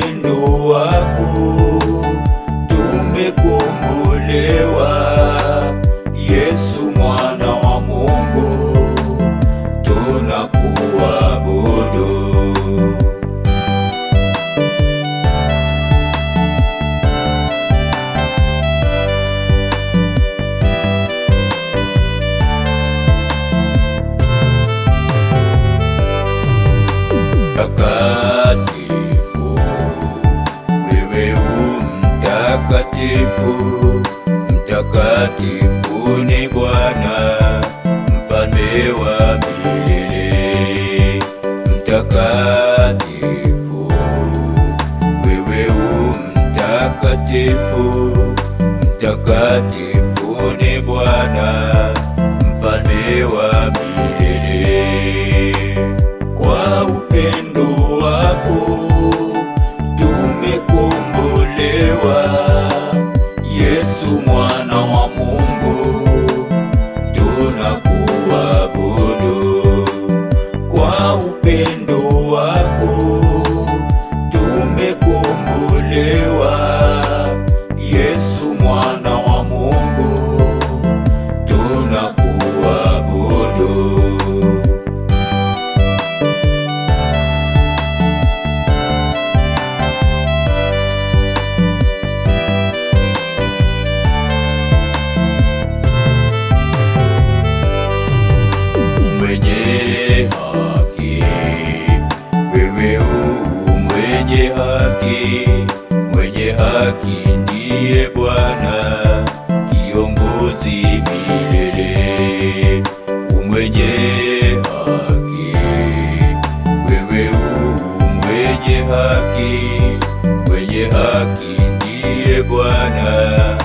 upendo wako tumekombolewa, Yesu mwana wa Mungu, tunakuabudu. Takatifu Mtakatifu, mtakatifu ni Bwana, mfalme wa milele. Mtakatifu, wewe u mtakatifu, mtakatifu ni Bwana, mfalme wa milele. haki, mwenye haki ndiye Bwana, kiongozi milele. umwenye mwenye haki, wewe u mwenye haki, mwenye haki ndiye Bwana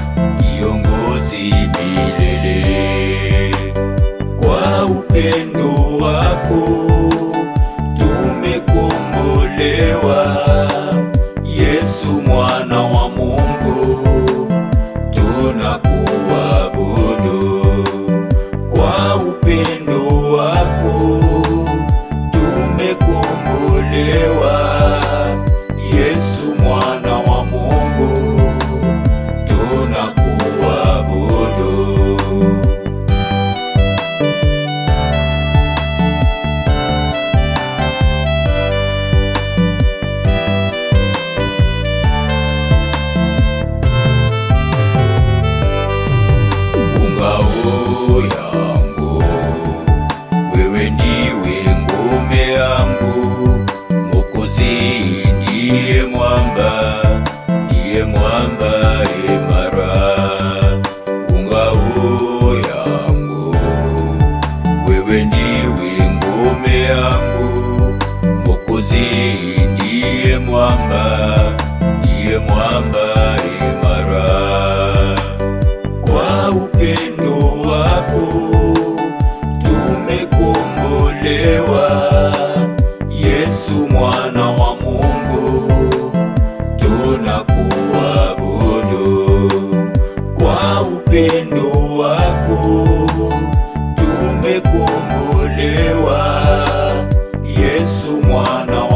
yangu, wewe ndiwe ngome yangu, Mwokozi ndiye mwamba, ndiye mwamba imara, ngao yangu, wewe ndiwe ngome yangu, Mwokozi ndiye mwamba, ndiye mwamba kuombolewa Yesu mwana